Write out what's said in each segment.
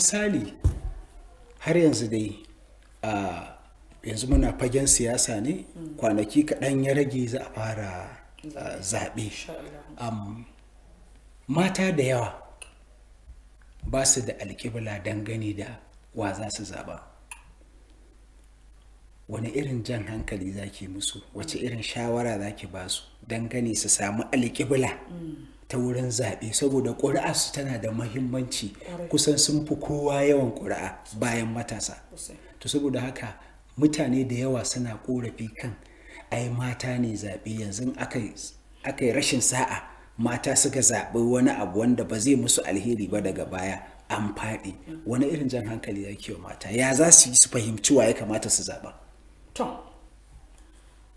misali har yanzu dai a yanzu muna fagen siyasa ne kwanaki kaɗan ya rage za a fara zaɓe mata da yawa ba su da alƙibla dangane da wa za su zaɓa wani irin jan hankali za ki musu wace irin shawara za ki ba su dangane su samu alƙibla mm. ta wurin zaɓe saboda ƙuri'arsu tana da mahimmanci kusan sun fi kowa yawan ƙuri'a bayan matasa to saboda haka mutane da yawa suna ƙorafi kan ai mata ne zaɓe yanzu aka yi rashin sa'a mata suka zaɓi wani abu wanda ba zai musu alheri ba daga baya an faɗi mm. wani irin jan hankali ya kiwa mata ya za su yi su fahimci wa ya kamata su zaɓa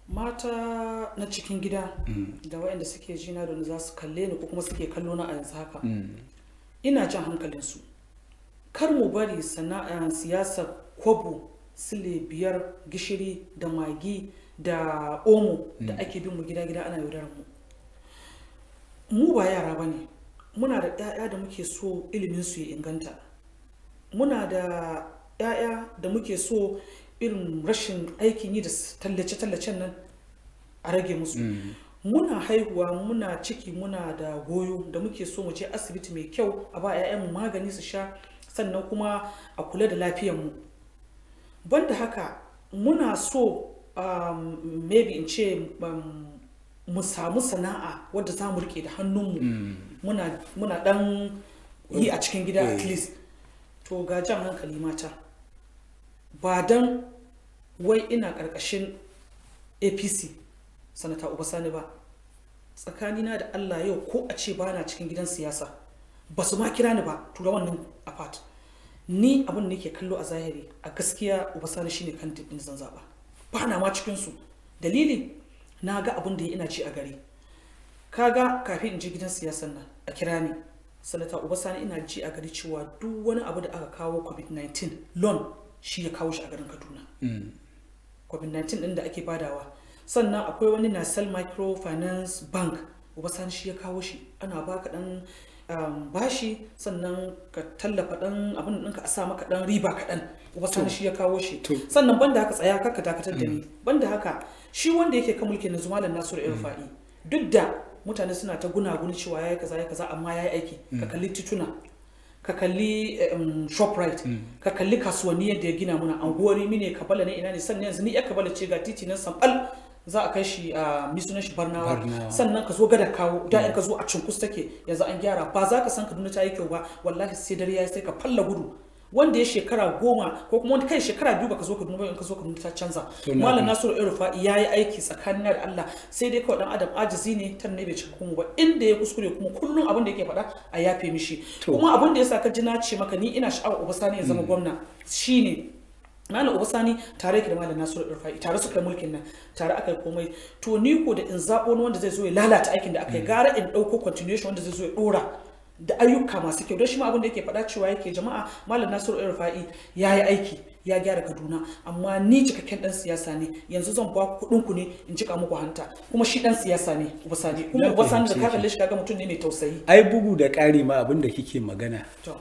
mata na cikin gida mm. da waɗanda suke jina da za su kalle ni ko kuma suke kallo na a yanzu haka mm. ina jan hankalinsu kar mu bari sana'a eh, siyasar kwabo sile biyar gishiri da magi da omo da mm. ake bin mu gida-gida ana yaudarar mu mu ba yara ba ne muna da 'ya'ya da muke so ilimin su ya inganta muna da 'ya'ya da muke so irin rashin aikin yi da tallace-tallacen nan a rage musu mm. muna haihuwa muna ciki muna da goyo da muke so mu je asibiti mai kyau a ba 'ya'yanmu magani su sha sannan kuma a kula da lafiyanmu banda haka muna so um, maybe in ce um, mu samu sana'a wadda za mu rike da hannunmu mu. Mm. muna, muna dan yi a cikin gida at eh. least to ga jan hankali mata ba don wai ina ƙarƙashin apc sanata obasani ba tsakanina da allah yau ko a ce ba na cikin gidan siyasa ba su ma kira ni ba tura wannan apart ni abin da ke kallo a zahiri a gaskiya obasani shine kan din zan zaba ba na ma cikinsu su dalili na ga abin da ya ina ci a gari Ka ga kafin in je gidan siyasan nan a kira ni sanata obasani ina ji a gari cewa duk wani abu da aka kawo covid-19 loan shi ya kawo shi a garin kaduna mm. covid-19 din da ake badawa sannan akwai wani nasal microfinance bank obasan shi ya kawo shi ana ka dan um, bashi sannan ka tallafa dan abin ɗinka a sa maka dan riba kaɗan wasu shi ya kawo shi sannan banda haka tsaya ka dakatar da ni mm. banda haka shi wanda yake kan mulkin yanzu malam nasiru irfa'i mm. duk da mutane suna ta gunaguni cewa yayi kaza yayi kaza amma yayi aiki ka kalli tituna ka kalli um, shoprite mm. ka kalli kasuwanni yadda ya gina muna anguwari mine kabala ne ina ne sannan yanzu ni ya kabala ce ga titi nan sambal za a kai shi a uh, misunan shi barnawa sannan ka zo gada kawo da mm. ka zo a cunkus take yanzu an gyara ba za ka san kaduna ta yi kyau ba wallahi sai dare ya sai ka falla gudu wanda ya shekara goma ko kuma wanda kai shekara biyu baka zo ka duba in ka zo ka ta canza malam nasiru irfa'i ya yi aiki tsakanin da Allah sai dai kawai dan adam ajizi ne tan ne bai cika kuma ba inda ya kuskure kuma kullum abin da yake faɗa a yafe mishi kuma abin da ya sa ka ji na ce maka ni ina sha'awar Obasani ya zama mm. gwamna shine Malam Obasani tare ki da Malam Nasiru Irfa'i tare suka mulkin nan tare aka komai to ni ko da in zabo wanda zai zo ya lalata aikin da aka yi mm. gara in ɗauko continuation wanda zai zo ya dora da ayyuka masu kyau don shi ma abin da yake faɗa cewa yake jama'a malam nasiru irfa'i ya yi aiki ya gyara kaduna amma ni cikakken dan siyasa ne yanzu zan ba kuɗin ku ne in cika muku hanta kuma shi dan siyasa ne ubasani kuma ubasani da ka kalle shi kaga mutum ne mai tausayi ai bugu da ƙari ma abin da kike magana